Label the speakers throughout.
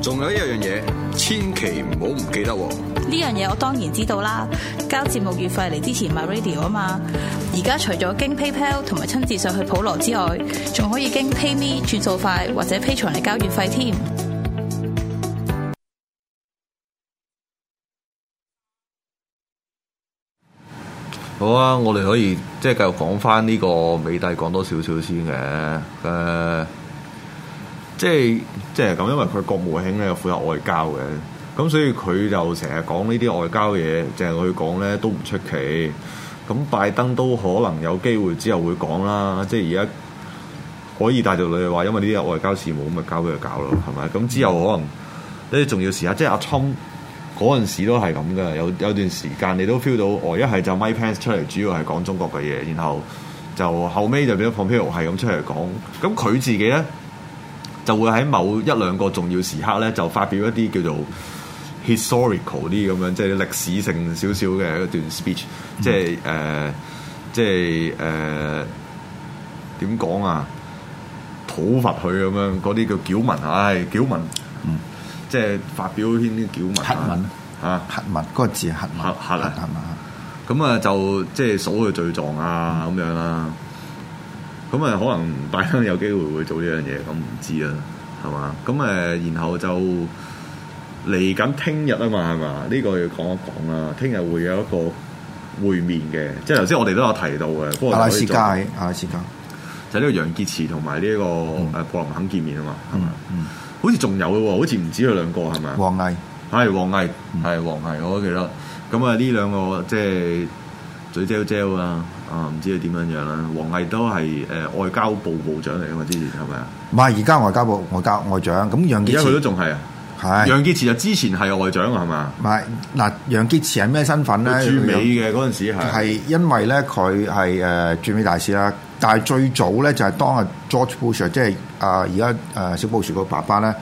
Speaker 1: 仲有一樣嘢，千祈唔好唔記得喎！
Speaker 2: 呢樣嘢我當然知道啦，交節目月費嚟支持 my radio 啊嘛！而家除咗經 PayPal 同埋親自上去普羅之外，仲可以經 PayMe 轉數快或者 Pay 財嚟交月費添。
Speaker 1: 好啊，我哋可以即係繼續講翻呢個美帝講多少少先嘅，誒、呃。即係即係咁，因為佢國務卿咧又負責外交嘅，咁所以佢就成日講呢啲外交嘢，淨係佢講咧都唔出奇。咁拜登都可能有機會之後會講啦，即係而家可以帶住你話，因為呢啲外交事務咁咪交俾佢搞咯，係咪？咁之後可能呢啲重要時刻，即係阿 Trump 嗰陣時都係咁嘅，有有段時間你都 feel 到，我、哦、一係就 Mike Pence 出嚟，主要係講中國嘅嘢，然後就後尾就變咗 Pompeo 係咁出嚟講，咁佢自己咧，就會喺某一兩個重要時刻咧，就發表一啲叫做 historical 啲咁樣，即係歷史性少少嘅一段 speech，、嗯、即係誒、呃，即係誒點講啊？討伐佢咁樣，嗰啲叫矯文，唉、哎，矯文，嗯、即係發表一啲啲矯文，檄文、檄文吓，檄嗰、啊那個字係檄、檄、檄啦，檄文，咁啊，就即係數佢罪狀啊，咁、嗯、樣啦。咁啊，可能大家有機會會做呢樣嘢，咁唔知啦，係嘛？咁誒，然後就嚟緊聽日啊嘛，係嘛？呢個要講一講啦。聽日會有一個會面嘅，即係頭先我哋都有提到嘅。阿拉斯加，阿拉斯加就呢個楊潔篪同埋呢個誒布林肯見面啊嘛，係嘛？好似仲有喎，好似唔止佢兩個係咪？王毅，係王毅，係王毅，我都記得。咁啊，呢兩個即係嘴嚼嚼啊！啊，唔知佢點樣樣啦。王毅都係誒、呃、外交部部長嚟嘅嘛，之前係咪啊？
Speaker 2: 唔係，而家外交部外交外長。咁楊潔篪，而家佢都仲係啊。
Speaker 1: 係。楊潔篪就之前係外長係嘛？
Speaker 2: 唔係，嗱，楊潔篪係咩身份咧？駐美嘅嗰陣時係係因為咧，佢係誒駐美大使啦。但係最早咧，就係、是、當啊 George Bush，即係啊而家啊小布什個爸爸咧，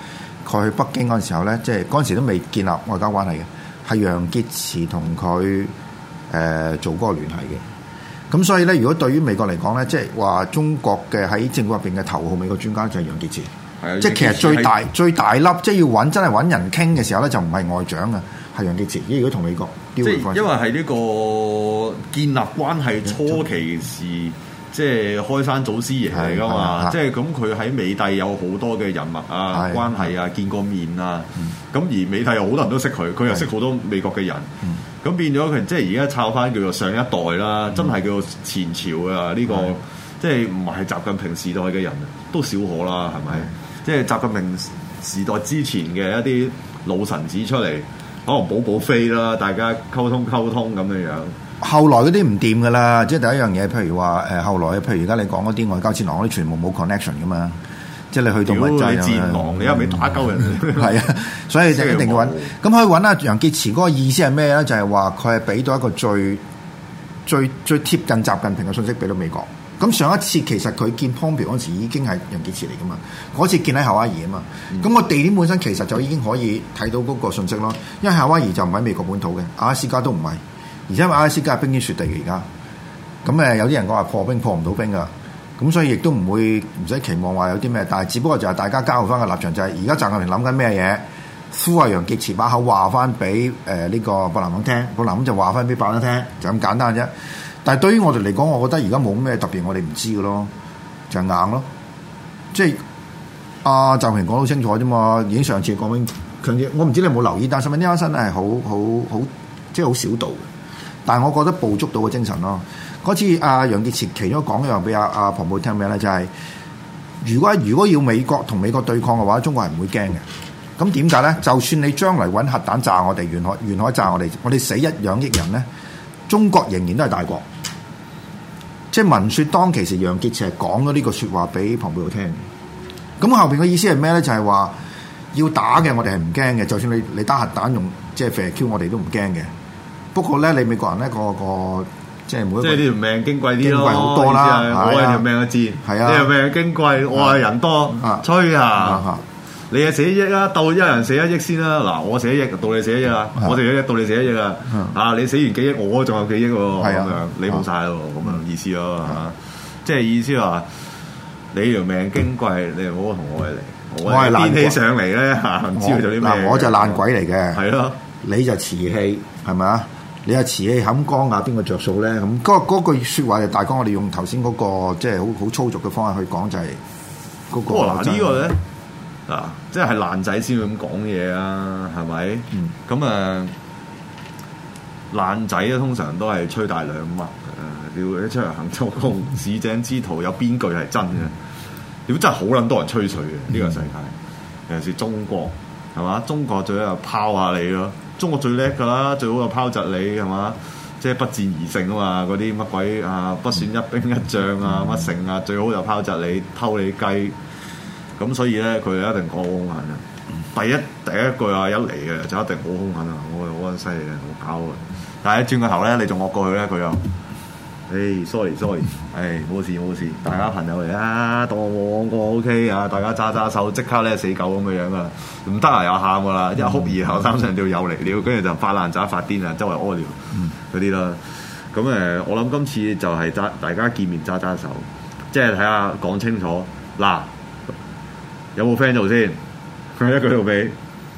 Speaker 2: 佢去北京嗰陣時候咧，即係嗰陣時都未建立外交關係嘅，係楊潔篪同佢誒做嗰個聯繫嘅。咁所以咧，如果對於美國嚟講咧，即係話中國嘅喺政府入邊嘅頭號美國專家就係楊潔篪，
Speaker 1: 即係的其實最大
Speaker 2: 的最大粒，即、就、係、是、要揾真係揾人傾嘅時候咧，就唔係外長啊，係楊潔篪。如果同美國即係因為
Speaker 1: 係呢個建立關係初期時，即係、嗯、開山祖師爺嚟噶嘛，即係咁佢喺美帝有好多嘅人物的啊、關係啊、的見過面啊，咁、嗯、而美帝有好多人都識佢，佢又識好多美國嘅人。嗯嗯嗯嗯嗯咁變咗佢，即係而家抄翻叫做上一代啦，嗯、真係叫做前朝啊！呢、呢個是的 即係唔係習近平時代嘅人都少可啦，係咪？是的 即係習近平時代之前嘅一啲老臣子出嚟，可能補補飛啦，大家溝通溝通咁樣樣、
Speaker 2: 呃。後來嗰啲唔掂噶啦，即係第一樣嘢，譬如話誒，後來譬如而家你講嗰啲外交戰狼嗰啲，全部冇 connection 噶嘛。即係你去到物質啊！你
Speaker 1: 戰狼，嗯、你又未打鳩人？係 啊，所以就一定要揾。
Speaker 2: 咁 可以揾啊楊潔篪嗰個意思係咩咧？就係話佢係俾到一個最最最，最貼近習近平嘅信息俾到美國。咁上一次其實佢見 Pompeo 嗰時已經係楊潔篪嚟噶嘛？嗰次見喺夏威夷啊嘛。咁個、嗯、地點本身其實就已經可以睇到嗰個信息咯。因為夏威夷就唔喺美國本土嘅，阿拉斯加都唔係，而且阿拉斯加係冰天雪地而家。咁誒有啲人講話破冰破唔到冰噶。咁所以亦都唔會唔使期望話有啲咩，但係只不過就係大家交流翻嘅立場就係，而家習近平諗緊咩嘢，呼喺楊潔篪把口話翻俾誒呢個布林肯聽，布林肯就話翻俾拜登聽，就咁簡單啫。但係對於我哋嚟講，我覺得而家冇咩特別，我哋唔知嘅咯，就是、硬咯。即係阿、啊、習近平講好清楚啫嘛，已經上次講明強烈。我唔知你有冇留意，但係係咪呢單新聞係好好好即係好少度？但係我覺得捕捉到嘅精神咯。嗰次阿、啊、楊潔篪其中講一樣俾阿阿彭佩奧聽咩咧，就係、是、如果如果要美國同美國對抗嘅話，中國係唔會驚嘅。咁點解咧？就算你將嚟揾核彈炸我哋，沿海沿海炸我哋，我哋死一兩億人咧，中國仍然都係大國。即、就、係、是、文説當其時，楊潔篪講咗呢個説話俾彭佩奧聽。咁後邊嘅意思係咩咧？就係、是、話要打嘅我哋係唔驚嘅，就算你你打核彈用即係 f q，我哋都唔驚嘅。不過咧，你美國人咧個個,個,個即係每，即係呢條
Speaker 1: 命矜貴啲咯，好多啦。我係條命嘅賤，你係命矜貴，我係人多，吹啊！你係死一億啦，到一人死一億先啦。嗱，我死一億，到你死一億啦，我死一億，到你死一億啦。啊，你死完幾億，我仲有幾億喎，咁樣你冇晒咯，咁啊意思咯，吓，即係意思話你條命矜貴，你唔好同我嚟，我係癲起上嚟咧吓，唔知佢做啲咩。我就爛鬼嚟嘅，係咯，你
Speaker 2: 就瓷器係咪啊？你話瓷器冚光啊？邊個着數咧？咁嗰句説話就大概我哋用頭先嗰個即係好好粗俗嘅方式去講就，
Speaker 1: 哦，就係嗰個。嗱呢個咧啊，即係爛仔先會咁講嘢啊，係咪？咁啊，嗯，爛仔咧通常都係吹大兩脈，啊。你屌一出嚟行粗工，市井，嗯，之徒有邊句係真嘅？屌，嗯嗯，真係好撚多人吹水嘅呢個世界，尤其是中國係嘛？中國最又拋下你咯。嗯中國最叻㗎啦，最好就拋擲你係嘛，即係、就是、不戰而勝啊嘛，嗰啲乜鬼啊，不損一兵一將啊乜勝啊，最好就拋擲你偷你啲雞，咁所以咧佢一定講好兇狠啊！第一第一句話一嚟嘅就一定好兇狠啊！我係好犀利嘅，好搞嘅，但係一轉個頭咧，你仲惡過去咧，佢又～誒，sorry，sorry，誒，冇事冇事，事嗯、大家朋友嚟啊，當我冇講過 OK 啊，大家揸揸手，即刻咧死狗咁嘅樣啊，唔得啊，又喊噶啦，又哭二吼三上吊有嚟尿，跟住就發爛渣發癲啊，周圍屙尿嗰啲啦。咁誒、嗯，我諗今次就係、是、揸大家見面揸揸手，即係睇下講清楚。嗱，有冇 friend 做先？佢一句都俾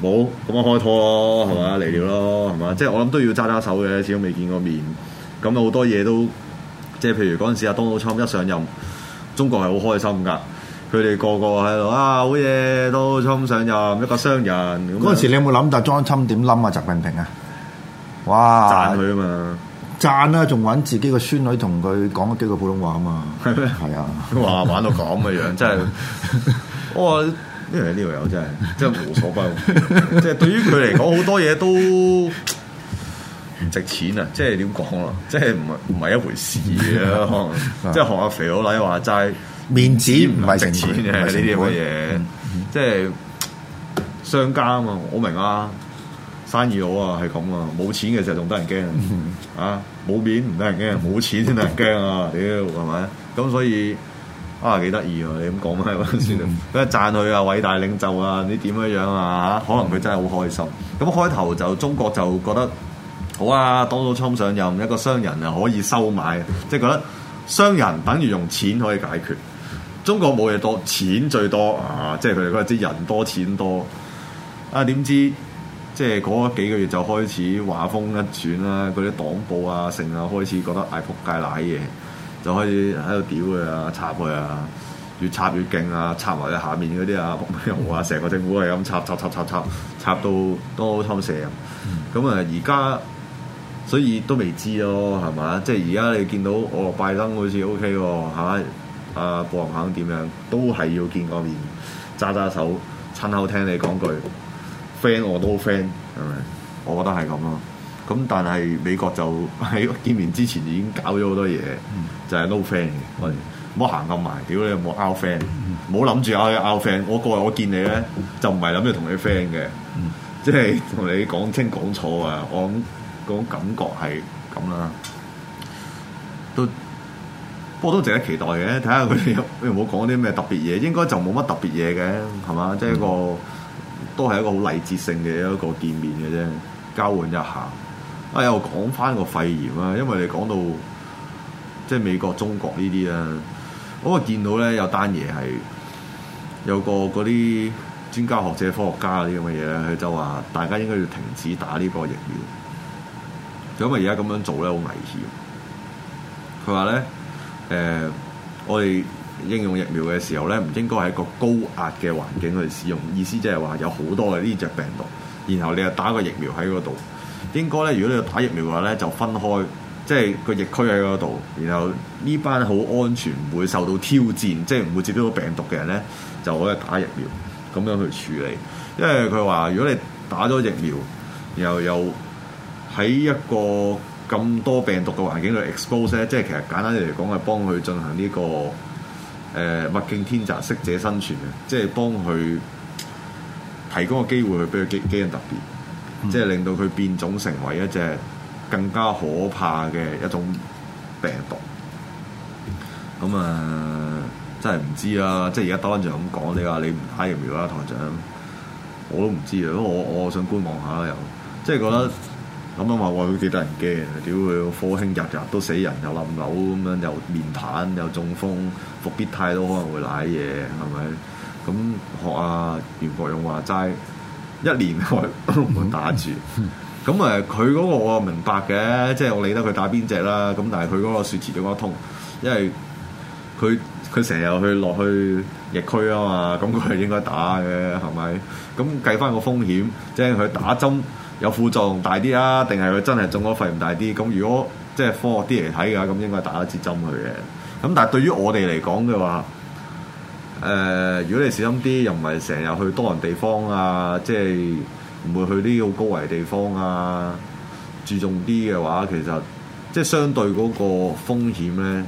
Speaker 1: 冇，咁我開拖咯，係嘛？嚟尿咯，係嘛？即係我諗都要揸揸手嘅，始終未見過面，咁好多嘢都。即係譬如嗰陣時啊 Donald Trump 一上任，中國係好開心噶，佢哋個個喺度啊，好嘢 Donald Trump 上任一個商人。嗰陣時你有
Speaker 2: 冇諗、啊，但係 Donald Trump 點冧啊習近平啊？哇！讚佢啊嘛，讚啊，仲揾自己個孫女同佢講幾句普通
Speaker 1: 話啊嘛，係嗎啊，話 玩到咁嘅樣，真係 我呢呢條友真係真係 無所不，即係 對於佢嚟講好多嘢都。唔值錢啊！即係點講咯？即係唔係唔係一回事啊！ 即係學阿肥佬黎話齋，面子唔係值錢嘅呢啲咁嘅嘢，即係商家啊嘛！我明啊，生意好啊，係咁、嗯、啊！冇錢嘅時候仲得人驚啊！冇面唔得人驚，冇錢先得人驚啊！屌係咪？咁所以啊幾得意喎！你咁講咩先？咁、嗯、啊讚佢啊偉大領袖啊！你點樣樣啊？嚇！可能佢真係好開心。咁開頭就中國就覺得。好啊，當到參上任一個商人啊，可以收買，即係覺得商人等於用錢可以解決。中國冇嘢多，錢最多啊，即係佢哋嗰陣人多錢多。啊，點知即係嗰幾個月就開始畫風一轉啦，嗰啲黨報啊，成啊開始覺得嗌仆街奶嘢，就開始喺度屌佢啊，插佢啊，越插越勁啊，插埋下面嗰啲啊，又話成個政府係咁插插插插插插，插到多參射。咁啊，而家。所以都未知咯，係嘛？即係而家你見到我拜登好似 O K 喎，嚇阿布林肯點樣都係要見個面，揸揸手，親口聽你講句 friend，我都好 friend，係咪？我覺得係咁咯。咁但係美國就喺見面之前已經搞咗好多嘢，就係 no friend 嘅，喂，唔好行咁埋，屌你有冇 out friend，唔好諗住啊 out friend，我過嚟我見你咧就唔係諗住同你 friend 嘅，即係同你講清講楚啊，我。嗰種感覺係咁啦，都不過都值得期待嘅。睇下佢哋有冇講啲咩特別嘢，應該就冇乜特別嘢嘅，係嘛？即係一個，嗯，都係一個好禮節性嘅一個見面嘅啫，交換一下。啊，又講翻個肺炎啦，因為你講到即係美國、中國呢啲啦，我見到咧有單嘢係有個嗰啲專家學者、科學家嗰啲咁嘅嘢，佢就話大家應該要停止打呢個疫苗。因為而家咁樣做咧好危險。佢話咧：誒、呃，我哋應用疫苗嘅時候咧，唔應該喺個高壓嘅環境去使用。意思即係話有好多嘅呢隻病毒，然後你又打個疫苗喺嗰度。應該咧，如果你要打疫苗嘅話咧，就分開，即係個疫區喺嗰度。然後呢班好安全、唔會受到挑戰、即係唔會接觸到病毒嘅人咧，就可以打疫苗，咁樣去處理。因為佢話，如果你打咗疫苗，然後又喺一個咁多病毒嘅環境度 expose 咧，即係其實簡單嚟講，係幫佢進行呢個誒物競天擇適者生存嘅，即係幫佢提供個機會去俾佢基，基因特別，嗯、即係令到佢變種成為一隻更加可怕嘅一種病毒。咁啊，真係唔知啊！即係而家當然就咁講，你話你唔打疫苗啦，台長，我都唔知啊。我我想觀望下啦，又即係覺得。嗯咁樣話話佢幾得人驚？屌，佢科興日日都死人，又冧樓咁樣，又面癱，又中風，復必泰都可能會瀨嘢係咪？咁學阿、啊、袁國勇話齋，一年都唔打住。咁、嗯、誒，佢、嗯、嗰、嗯嗯、個我明白嘅，即、就、係、是、我理得佢打邊隻啦。咁但係佢嗰個説辭講得通，因為佢佢成日去落去疫區啊嘛，咁佢係應該打嘅係咪？咁計返個風險，即係佢打針。嗯嗯有副作用大啲啊？定係佢真係中咗肺炎大啲？咁如果即係科學啲嚟睇嘅話，咁應該打一支針去嘅。咁但係對於我哋嚟講嘅話，誒、呃、如果你小心啲，又唔係成日去多人地方啊，即係唔會去啲好高危地方啊，注重啲嘅話，其實即係相對嗰個風險咧，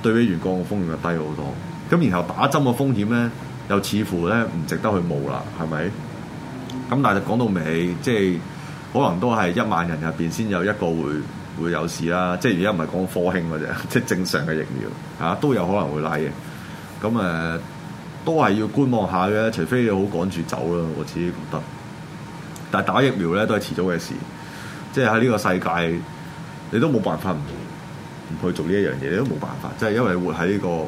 Speaker 1: 對比原國嘅風險就低好多。咁然後打針嘅風險咧，又似乎咧唔值得去冒啦，係咪？咁但係就講到尾，即係可能都係一萬人入邊先有一個會會有事啦。即係而家唔係講科興嘅啫，即係正常嘅疫苗嚇、啊、都有可能會拉嘅。咁誒、呃、都係要觀望下嘅，除非你好趕住走啦。我自己覺得，但係打疫苗咧都係遲早嘅事。即係喺呢個世界，你都冇辦法唔去做呢一樣嘢，你都冇辦法，即係因為活喺呢個。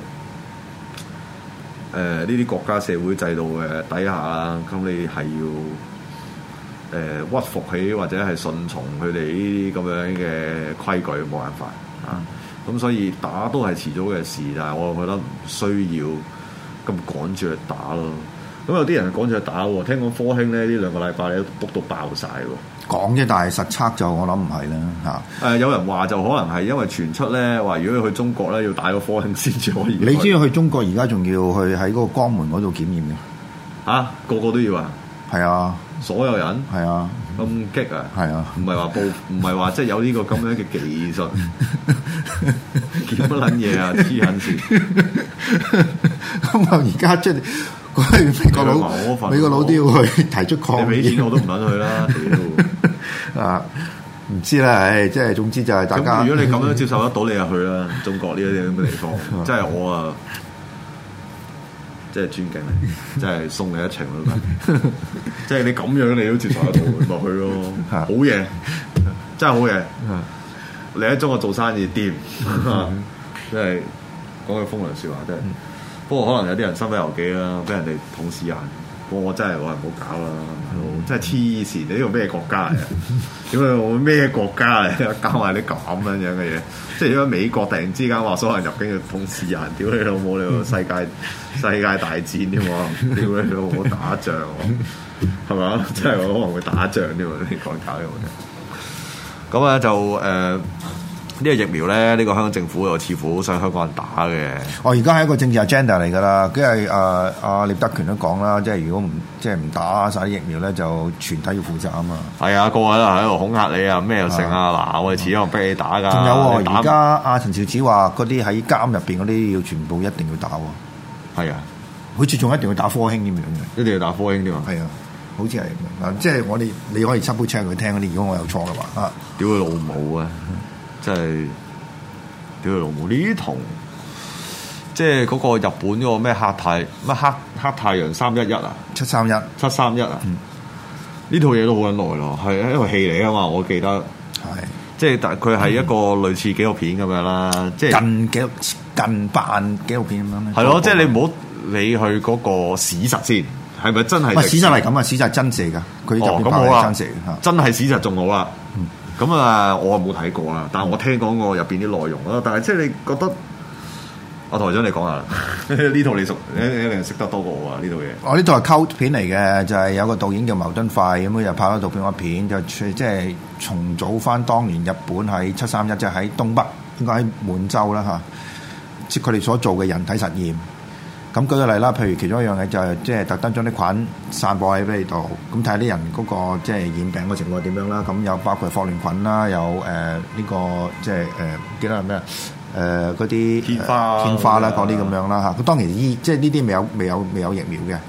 Speaker 1: 誒呢啲國家社會制度嘅底下啊，咁你係要誒、呃、屈服起或者係順從佢哋呢啲咁樣嘅規矩，冇辦法啊。咁所以打都係遲早嘅事，但係我覺得唔需要咁趕住去打咯。咁有啲人趕住去打喎，聽講科興咧呢兩個禮拜咧 book 到爆晒喎。
Speaker 2: 講啫，但係實測就
Speaker 1: 我諗唔係啦嚇。誒、呃、有人話就可能係因為傳出咧話，如果要去中國咧要打個科興先至可以。 你知要
Speaker 2: 去中國而家仲要去喺嗰個江門嗰度檢驗嘅
Speaker 1: 嚇、啊，個個都要啊。係啊，所有人係啊，咁激啊，係啊，唔係話報，唔係話即係有呢個咁樣嘅技術檢乜撚嘢啊？黐撚線。
Speaker 2: 咁啊，而家出嚟。
Speaker 1: 美國佬，份啊、美國佬都要去提出抗議。你俾錢我都唔肯去啦，都 啊，唔知啦，唉、欸，即係總之就係大家、嗯。如果你咁樣接受得到，你就去啦。中國呢啲咁嘅地方，即係 我啊，即、就、係、是、尊敬你，即、就、係、是、送你一程啦。即係 你咁樣你都接受得到，落去咯。 好嘢，真係好嘢。 你喺中國做生意掂，即係講句風涼說話，真係。不過可能有啲人身不由己啦，俾人哋捅屎眼。不過我真係話唔好搞啦，真係黐線！你呢個咩國家嚟啊？點解我咩國家嚟？搞埋啲咁樣樣嘅嘢，即係如果美國突然之間話所有人入境要捅屎眼，屌你老母！你個 世界世界大戰添，屌你老母！ 打仗喎，係咪啊？真係可能會打仗添，你講搞嘅我哋，咁啊 就誒。呃呢個疫苗咧，呢、這個香港政府又似乎好想香港人打嘅。哦，而
Speaker 2: 家係一個政治 agenda 嚟噶啦。佢係誒阿聶德權都講啦，即係如果唔即係唔打曬疫苗咧，就全體要負責啊嘛。
Speaker 1: 係啊、哎，個位啦喺度恐嚇你啊，咩又成啊，嗱的，我哋始終逼你打㗎。仲有喎，而家
Speaker 2: 阿陳肇始話嗰啲喺監入邊嗰啲要全部一定要打喎。係啊的，好似仲一定要打科興咁樣嘅。一定要打
Speaker 1: 科興啲嘛？係啊，好似係即係
Speaker 2: 我哋你可以 check 吓佢聽嗰啲。如果我有錯嘅話啊，
Speaker 1: 屌佢老母啊！ 即係屌佢老母呢，同即係嗰個日本嗰個咩黑太乜黑黑太陽三一一啊，七三一七三一啊，呢套嘢都好撚耐咯，係因為戲嚟噶嘛，我記得係，即係但佢係一個類似紀錄片咁樣啦，即係近幾
Speaker 2: 近百紀錄片咁樣咧。係咯，即係
Speaker 1: 你唔好理佢嗰個史實先，係咪真係？史實係咁啊，史實係真實噶，佢又唔係真實，真係史實仲好啦。咁啊，我冇睇過啦，但係我聽講過入邊啲內容啦。但係即係你覺得，阿台長你講下，呢 套你熟，你 你識得多過我啊？呢套嘢，
Speaker 2: 我呢、哦、套係溝片嚟嘅，就係、是、有個導演叫茅敦快，咁樣又拍咗套科幻片，就即、是、係、就是、重組翻當年日本喺七三一，即係喺東北，應該喺滿洲啦吓，即佢哋所做嘅人體實驗。咁舉個例啦，譬如其中一樣嘢就係、是、即係特登將啲菌散播喺俾你度，咁睇下啲人嗰個即係染病嘅情況係點樣啦。咁有包括霍亂菌啦，有誒呢、呃這個即係誒記得係咩、呃、啊？誒嗰啲天花、啊、天花啦嗰啲咁樣啦嚇。咁、啊、當然醫即係呢啲未有、未有、未有疫苗嘅，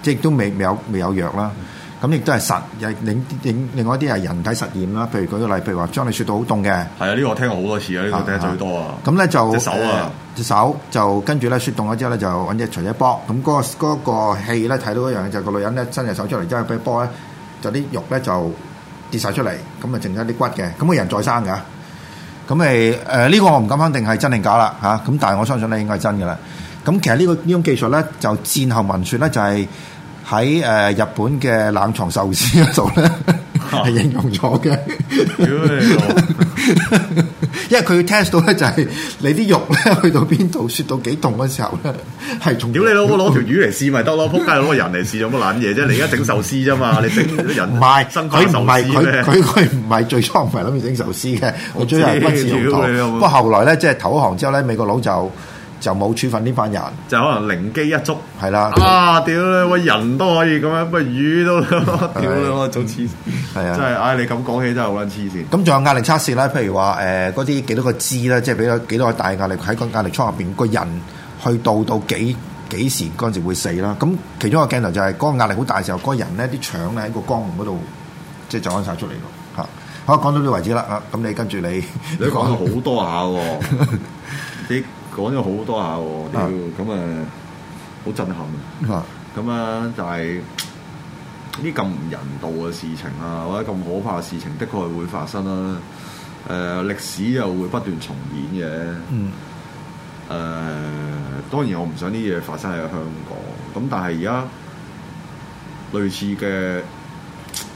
Speaker 2: 即係都未未有、未有藥啦。嗯咁亦都係實，另另另外一啲係人體實驗啦。譬如舉個例，譬如話將你雪到好凍嘅，
Speaker 1: 係啊，呢個我聽過好多次啊，呢個聽得最多啊。咁咧就隻手啊，隻
Speaker 2: 手就跟住咧雪凍咗之後咧，就搵隻錘仔㩧。咁嗰個嗰個戲咧睇到一樣就個女人咧伸隻手出嚟之後，俾㩧咧就啲肉咧就跌晒出嚟，咁啊剩咗啲骨嘅。咁個人再生㗎。咁誒誒呢個我唔敢肯定係真定假啦嚇。咁但係我相信咧應該係真㗎啦。咁其實呢個呢種技術咧就戰後聞說咧就係。喺誒日本嘅冷藏壽司嗰度咧，係 應用咗嘅。 因為佢要 test 到咧，就係你啲肉咧去到邊度，雪到幾凍嘅時候咧，係從
Speaker 1: 屌你佬，攞條魚嚟試咪得咯，撲街攞個人嚟試有乜撚嘢啫？你而家整壽司啫嘛，你整人唔係，佢唔係佢佢佢
Speaker 2: 唔係最初唔係諗住整壽司嘅，我最意係不自容頭。不過後來咧，即係投降之後咧，美國佬就。就冇處分呢班人，
Speaker 1: 就可能靈機一觸，係啦。啊屌！喂，人都可以咁樣，乜魚都屌啦！我做黐線，係啊，真係唉！你咁講起真係好撚黐線。
Speaker 2: 咁仲有壓力測試咧？譬如話誒，嗰啲幾多個 G 咧，即係俾咗幾多個大壓力喺個壓力艙入邊，個人去到到幾幾時嗰陣時會死啦？咁其中一個鏡頭就係嗰個壓力好大嘅時候，嗰個人咧啲腸咧喺個肛門嗰度即係就安晒出嚟咯。嚇！好，講到呢
Speaker 1: 度為止啦。啊，咁你跟住你，你講咗好多下喎，你。講咗好多下喎，屌咁啊，好震撼咁啊，但係呢，咁唔人道嘅事情啊，或者咁可怕嘅事情，的確係會發生啦。誒、呃，歷史又會不斷重演嘅。誒、嗯呃，當然我唔想呢嘢發生喺香港。咁但係而家類似嘅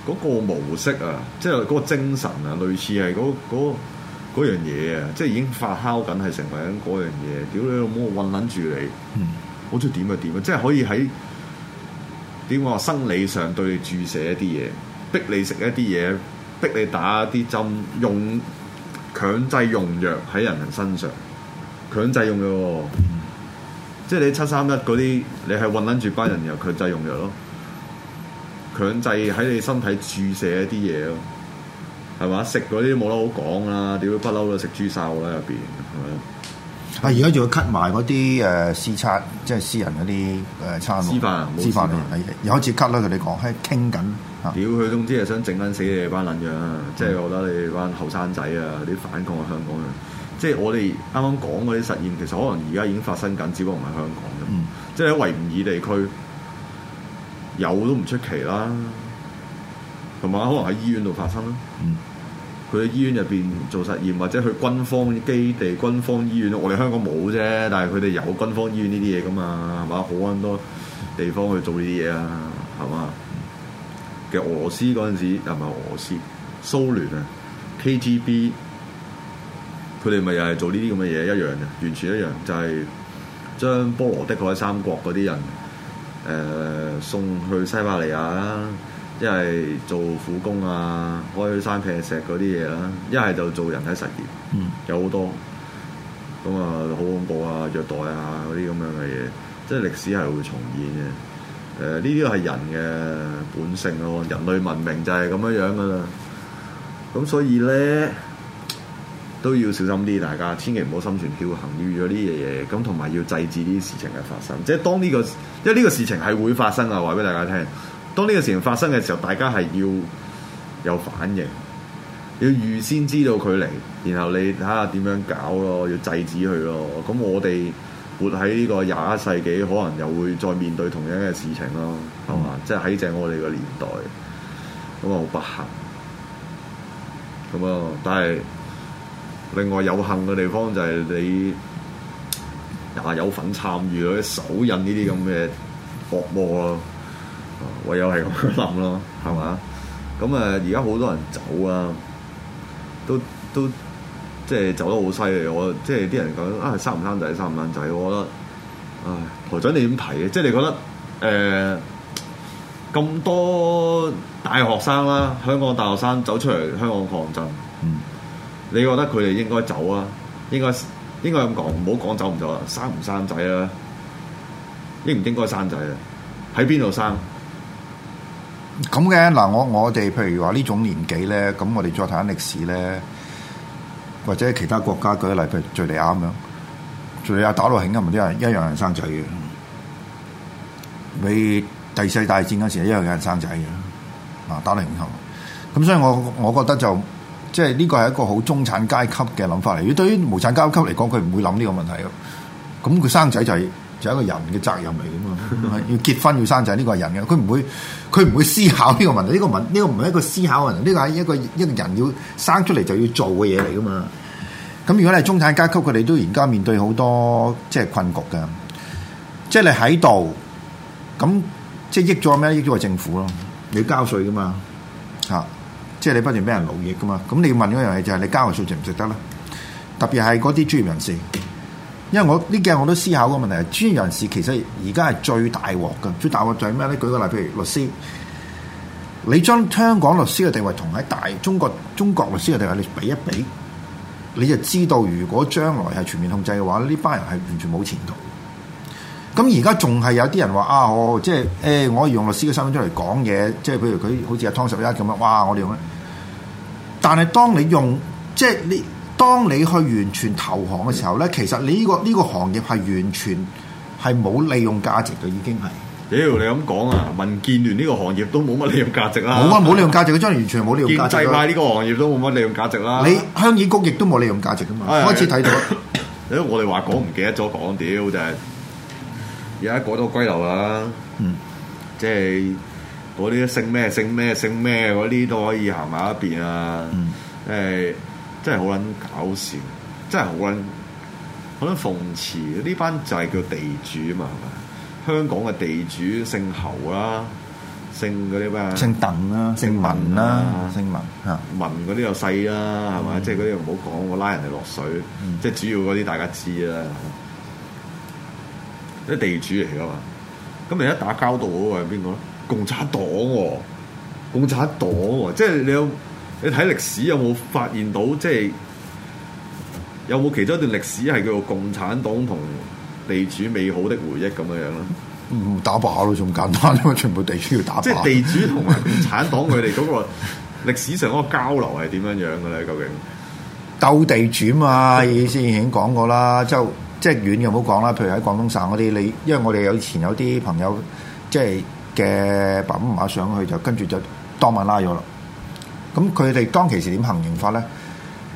Speaker 1: 嗰個模式啊，即係嗰個精神啊，類似係嗰嗰。嗰樣嘢啊，即係已經發酵緊，係成為緊嗰樣嘢。屌你老母，我混撚住你，好似點就點啊！即係可以喺點講啊？生理上對你注射一啲嘢，逼你食一啲嘢，逼你打一啲針，用強制用藥喺人哋身上，強制用藥喎。嗯、即係你七三一嗰啲，你係混撚住班人又強制用藥咯，強制喺你身體注射一啲嘢咯。係嘛？食嗰啲冇得好講啦，屌不嬲都食豬潲啦入邊，係咪？啊！而家仲要 cut
Speaker 2: 埋嗰啲誒私餐，即係私人嗰啲誒餐。私飯，有一嚟
Speaker 1: 嘅，cut 啦！同你講，喺傾緊。屌佢，總之係想整緊死你哋班撚樣，即係、嗯、我覺得你哋班後生仔啊，啲反抗嘅香港人，即係我哋啱啱講嗰啲實驗，其實可能而家已經發生緊，只不過唔係香港啫。嗯、即係喺維吾爾地區有都唔出奇啦，同埋可能喺醫院度發生啦。嗯佢醫院入邊做實驗，或者去軍方基地、軍方醫院，我哋香港冇啫，但係佢哋有軍方醫院呢啲嘢噶嘛，係嘛？好多地方去做呢啲嘢啊，係嘛？嘅俄羅斯嗰陣時又唔係俄羅斯蘇聯啊？KGB 佢哋咪又係做呢啲咁嘅嘢，一樣嘅，完全一樣，就係、是、將波羅的海三國嗰啲人誒、呃、送去西伯利亞。一係做苦工啊，開山劈石嗰啲嘢啦，一係就做人體實驗，有好多咁啊，好恐怖啊，虐待啊嗰啲咁樣嘅嘢，即係歷史係會重演嘅。誒、呃，呢啲係人嘅本性咯、啊，人類文明就係咁樣樣噶啦。咁所以咧都要小心啲，大家千祈唔好心存僥幸，遇咗呢嘢嘢。咁同埋要制止呢啲事情嘅發生。即係當呢、呢個，因為呢個事情係會發生啊，話俾大家聽。當呢個事情發生嘅時候，大家係要有反應，要預先知道佢嚟，然後你睇下點樣搞咯，要制止佢咯。咁我哋活喺呢個廿一世紀，可能又會再面對同樣嘅事情咯，係嘛？即係喺正我哋嘅年代，咁我好不幸。咁啊，但係另外有幸嘅地方就係你也、啊、有份參與手印呢啲咁嘅惡魔咯。我又係咁諗咯，係嘛？咁誒，而家好多人走啊，都都即係走得好犀利。我即係啲人講啊，生唔生仔，生唔生仔。我覺得，唉，台長，你點睇嘅？即係你覺得誒，咁、呃、多大學生啦、啊，香港大學生走出嚟，香港抗爭，嗯、你覺得佢哋應該走啊？應該應該咁講，唔好講走唔走啊，生唔生仔啊？應唔應該生仔啊？喺邊度生？
Speaker 2: 咁嘅，嗱，我我哋譬如話呢種年紀咧，咁我哋再睇下歷史咧，或者其他國家舉例，譬如敘利亞啱唔啱？敘利亞打到狠啊，咪啲人一樣人生仔嘅。你第四大戰嗰時一樣有人生仔嘅，啊打到狠啊，咁、嗯嗯、所以我我覺得就即係呢個係一個好中產階級嘅諗法嚟。如果對於無產階級嚟講，佢唔會諗呢個問題咯。咁佢生仔就係、是、就是、一個人嘅責任嚟嘅。 要結婚要生仔呢個係人嘅，佢唔會佢唔會思考呢個問題，呢、這個問呢、這個唔係一個思考嘅問題，呢個係一個一個人要生出嚟就要做嘅嘢嚟噶嘛。咁如果你係中產階級，佢哋都而家面對好多即係困局噶，即係你喺度咁即係益咗咩？益咗個政府咯，你要交稅噶嘛吓、啊，即係你不斷俾人勞役噶嘛，咁你要問嗰樣嘢就係、是、你交嘅稅值唔值得啦，特別係嗰啲專業人士。因為我呢幾日我都思考個問題，係專業人士其實而家係最大鑊嘅，最大鑊就係咩咧？舉個例，譬如律師，你將香港律師嘅地位同喺大中國中國律師嘅地位你比一比，你就知道如果將來係全面控制嘅話呢，班人係完全冇前途。咁而家仲係有啲人話啊，我即係誒，我可以用律師嘅身份出嚟講嘢，即係譬如佢好似阿湯十一咁樣，哇！我哋用啊，但係當你用即係你。當你去完全投降嘅時候咧，嗯、其實你呢、這個呢、這個行業係完全係冇利用價值嘅，已經係。
Speaker 1: 屌你咁講啊！民建聯呢個行業都冇乜利用價值啦。冇 啊，冇利用
Speaker 2: 價值，佢真係完全冇利用價值啊！建制派呢個
Speaker 1: 行業都冇乜利用價值啦。你
Speaker 2: 鄉議局亦都冇利用價值㗎嘛？我開始睇到。
Speaker 1: 誒，我哋話講唔記得咗講屌就係、是，而家改到歸流啦。嗯，即係嗰啲姓咩姓咩姓咩嗰啲都可以行埋一邊啊。嗯，誒。真係好撚搞笑，真係好撚好撚諷刺。呢班就係叫地主啊嘛，香港嘅地主姓侯啦，姓嗰啲咩啊？姓鄧啊，姓文啦、啊，姓文嚇、啊啊、文嗰啲又細啦，係嘛、嗯？即係嗰啲又唔好講，我拉人哋落水，嗯、即係主要嗰啲大家知啦。啲地主嚟噶嘛？咁你而家打交道嗰個係邊個咧？共產黨喎、啊，共產黨喎、啊啊，即係你有。你睇歷史有冇發現到，即係有冇其中一段歷史係叫做共產黨同地主美好的回憶咁樣樣咧？打靶都仲簡單，因為全部地主要打靶。即係地主同埋共產黨佢哋嗰個歷史上嗰個交流係點樣樣咧？究竟
Speaker 2: 鬥地主嘛？以前已經講過啦，即係即係遠嘅唔好講啦。譬如喺廣東省嗰啲，你因為我哋有以前有啲朋友，即係嘅爸爸媽上去，就跟住就當晚拉咗啦。嗯咁佢哋當其時點行刑法咧，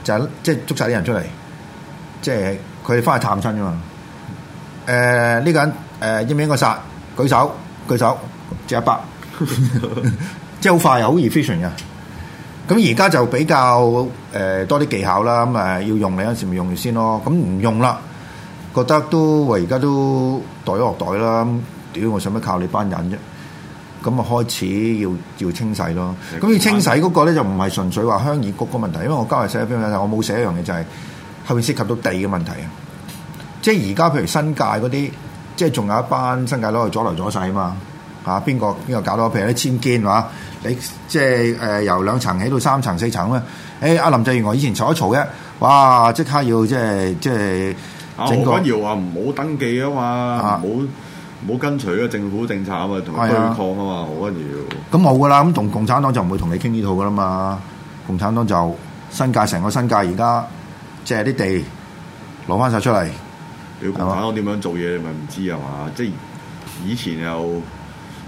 Speaker 2: 就係即係捉晒啲人出嚟，即係佢哋翻去探親啫嘛。誒呢個人誒應唔應該殺？舉手舉手，借一百， 即係好快又好 efficient 嘅。咁而家就比較誒、呃、多啲技巧啦，咁誒要用你嗰陣時咪用住先咯。咁唔用啦，覺得都我而家都袋咗落袋啦。屌，我想乜靠你班人啫？咁啊開始要要清洗咯，咁要清洗嗰個咧就唔係純粹話鄉議局個問題，因為我交嚟寫一篇咧，我冇寫一樣嘢就係後面涉及到地嘅問題啊！即係而家譬如新界嗰啲，即係仲有一班新界佬去阻來阻勢啊嘛！嚇、啊、邊個邊個搞到？譬如啲僭建話、啊，你即係誒、呃、由兩層起到三層四層咧，誒、欸、阿林鄭月娥以前嘈一嘈嘅，哇！即刻要即係即係整個，唔
Speaker 1: 好、啊、登記啊嘛，唔、啊冇跟隨啊！政府政策啊嘛，同對抗啊嘛，好緊要。
Speaker 2: 咁冇噶啦，咁同共產黨就唔會同你傾呢套噶啦嘛。共產黨就新界
Speaker 1: 成個新界，而家借啲地攞翻晒出嚟。你共產黨點樣做嘢，你咪唔知啊嘛。即係以前又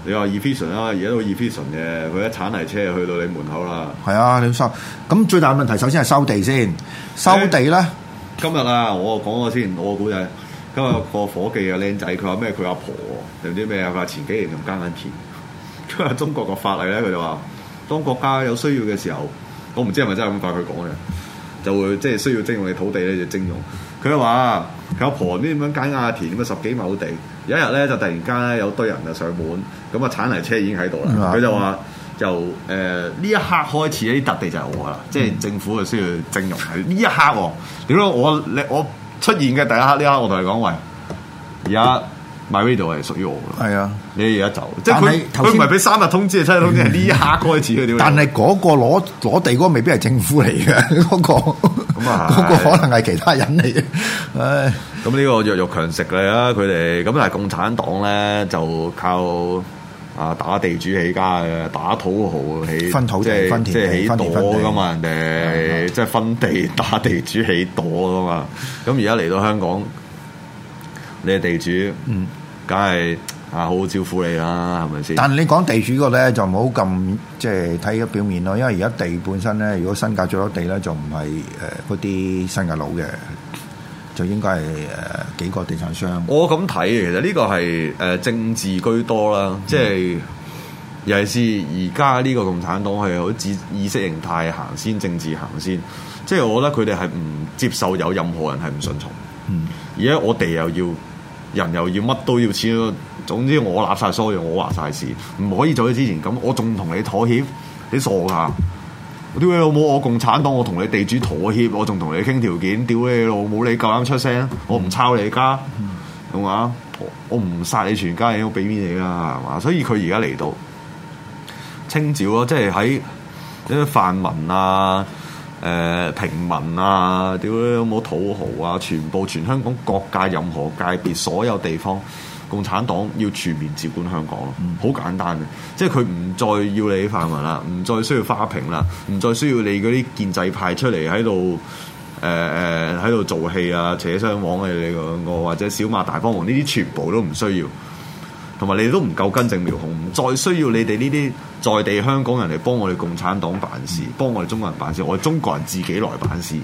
Speaker 1: 你話 efficient 啦，而家都 efficient 嘅，佢一剷泥車去到你門口啦。
Speaker 2: 係啊，你收咁最大問題，首先係收地先，收地咧、
Speaker 1: 欸。今日啊，我講咗先，我估計。咁啊個伙計啊僆仔，佢話咩？佢阿婆定啲咩啊？佢話前幾年仲耕緊田。佢話中國個法例咧，佢就話當國家有需要嘅時候，我唔知係咪真係咁快佢講嘅，就會即係、就是、需要徵用你土地咧就是、徵用。佢話佢阿婆啲咁樣耕亞田咁啊十幾畝地，有一日咧就突然間咧有堆人啊上門，咁啊鏟泥車已經喺度啦。佢、嗯啊、就話由誒呢一刻開始咧，啲特地就係我啦，即係、嗯、政府就需要徵用喺呢一刻喎、啊。點解我你我。我我出現嘅第一刻呢刻，我同你講，喂，而家 MyRadio 係屬於我嘅，係啊，你而家走，是即係佢佢唔係俾三日
Speaker 2: 通知，出去，通知係呢、嗯、一刻開始，但係嗰個攞攞地嗰個未必係政府嚟嘅嗰
Speaker 1: 個，嗰、嗯、 個可
Speaker 2: 能係其他人嚟
Speaker 1: 嘅，唉，咁呢個弱肉強食嚟啊！佢哋咁但係共產黨咧就靠。啊！打地主起家嘅，打土豪起，分土地即係即係起朵噶嘛，分分人哋即係分地打地主起朵噶嘛。咁而家嚟到香港，你地主，嗯，梗係啊，好好招呼你啦，係咪先？吧但係
Speaker 2: 你講地主個咧，就唔好咁即係睇個表面咯。因為而家地本身咧，如果新界地咧，就唔係誒嗰啲新界佬嘅。就應該係誒幾個地產商。
Speaker 1: 我咁睇，其實呢個係誒、呃、政治居多啦，即係、嗯、尤其是而家呢個共產黨係好似意識形態行先，政治行先，即係我覺得佢哋係唔接受有任何人係唔順從。而家、嗯、我哋又要人又要乜都要錢，始終總之我立晒所有，我話晒事，唔可以做到之前咁，我仲同你妥協，你傻下？屌你老母！我共產黨，我同你地主妥協，我仲同你傾條件。屌你老母！你夠膽出聲？我唔抄你家，係嘛？我唔殺你全家，我俾面你啦，係嘛？所以佢而家嚟到清朝，咯，即係喺啲泛民啊、誒、呃、平民啊，屌你老母、土豪啊，全部全香港各界任何界別，所有地方。共產黨要全面接管香港咯，好、嗯、簡單嘅，即係佢唔再要你啲泛民啦，唔再需要花瓶啦，唔再需要你嗰啲建制派出嚟喺度誒誒喺度做戲啊、扯雙簧嘅你我，或者小罵大幫忙呢啲，全部都唔需要。同埋你都唔夠根正苗紅，唔再需要你哋呢啲在地香港人嚟幫我哋共產黨辦事，嗯、幫我哋中國人辦事，我哋中國人自己來辦事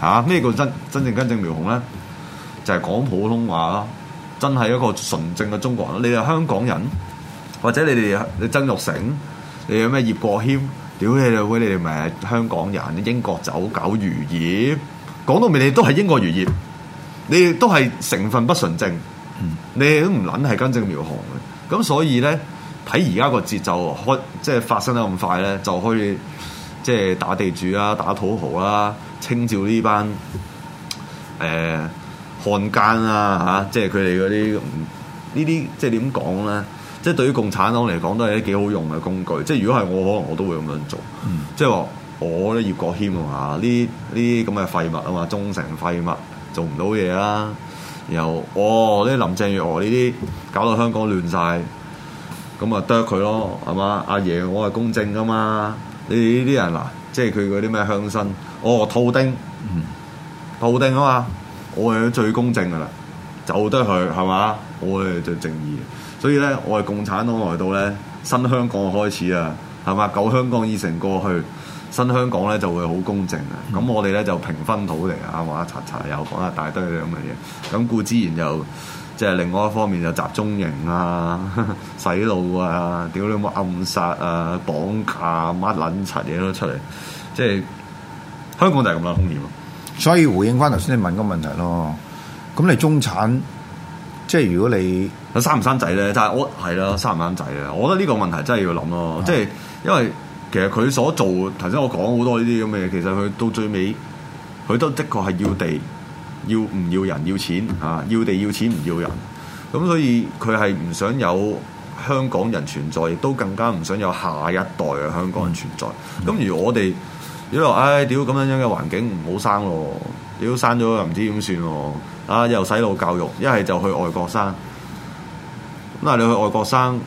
Speaker 1: 嚇。咩、啊、叫真真正根正苗紅咧？就係、是、講普通話咯。真係一個純正嘅中國人，你哋香港人，或者你哋你曾鈺成，你有咩葉國謙？屌你哋會，你哋咪係香港人，英國走狗餘孽。講到尾你都係英國餘孽，你哋都係成分不純正，你哋都唔撚係根正苗紅嘅。咁所以咧，睇而家個節奏開，即係發生得咁快咧，就可以即係打地主啊，打土豪啦、啊，清剿呢班誒，呃漢奸啊，嚇、啊！即係佢哋嗰啲，呢啲即係點講咧？即係對於共產黨嚟講，都係啲幾好用嘅工具。即係如果係我，可能我都會咁樣做。即係話我咧，葉國謙啊，呢呢啲咁嘅廢物啊嘛，忠誠廢物，做唔到嘢啦、啊。然後哦，呢林鄭月娥呢啲搞到香港亂晒，咁啊剁佢咯，係嘛？阿、啊、爺，我係公正噶嘛？你啲人嗱、啊，即係佢嗰啲咩鄉紳，哦，陶丁，陶、嗯、丁啊嘛。我係最公正噶啦，就得佢係嘛？我係最正義，所以咧，我係共產黨來到咧，新香港開始啊，係嘛？舊香港已成過去，新香港咧就會好公正啊！咁我哋咧就平分土地啊，乜柒柒又講下大堆咁嘅嘢，咁故之然又即係另外一方面又集中營啊、 洗腦啊、屌你冇暗殺啊、綁架乜撚柒嘢都出嚟，即係香港就係咁樣兇險啊！所以回應翻頭先你問個問題咯，咁你中產，即係如果你生唔生仔咧？但係我係啦，生唔生仔啊？我覺得呢個問題真係要諗咯，啊、即係因為其實佢所做，頭先我講好多呢啲咁嘅嘢，其實佢到最尾，佢都的確係要地，要唔要人，要錢啊，要地要錢唔要人，咁所以佢係唔想有香港人存在，亦都更加唔想有下一代嘅香港人存在。咁而、嗯、我哋。哎、屌咁樣樣嘅環境唔好生咯，屌生咗又唔知點算喎！啊又洗腦教育，一係就去外國生。咁啊你去外國生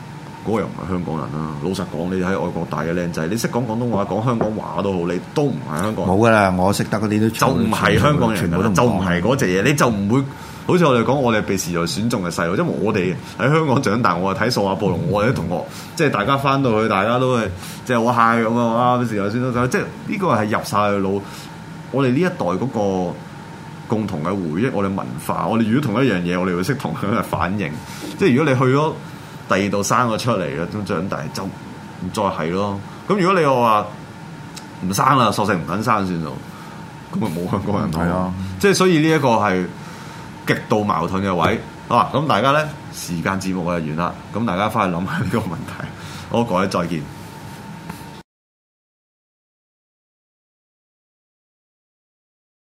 Speaker 1: 嗰又唔係香港人啦。老實講，你喺外國大嘅靚仔，你識講廣東話、講香港話都好，你都唔係香港人。冇㗎啦，我識得嗰啲都就唔係香港人，全部都就唔係嗰隻嘢，你就唔會。好似我哋講，我哋被時代選中嘅細路，因為我哋喺香港長大，我哋睇數碼暴龍，嗯、我哋啲同學，即係大家翻到去，大家都係即係我 high 咁啊！啊，時代先咯，即係呢個係入晒去腦。我哋呢一代嗰個共同嘅回憶，我哋文化，我哋如果同一樣嘢，我哋會識同樣嘅反應。即係如果你去咗第二度生咗出嚟啦，都長大就唔再係咯。咁如果你又話唔生啦，索性唔肯生算數，咁咪冇香港人咯。係、嗯、啊，即係所以呢一個係。極度矛盾嘅位，好啊！咁大家呢，時間節目就完啦，咁大家返去諗下呢個問題，好，各位，再見。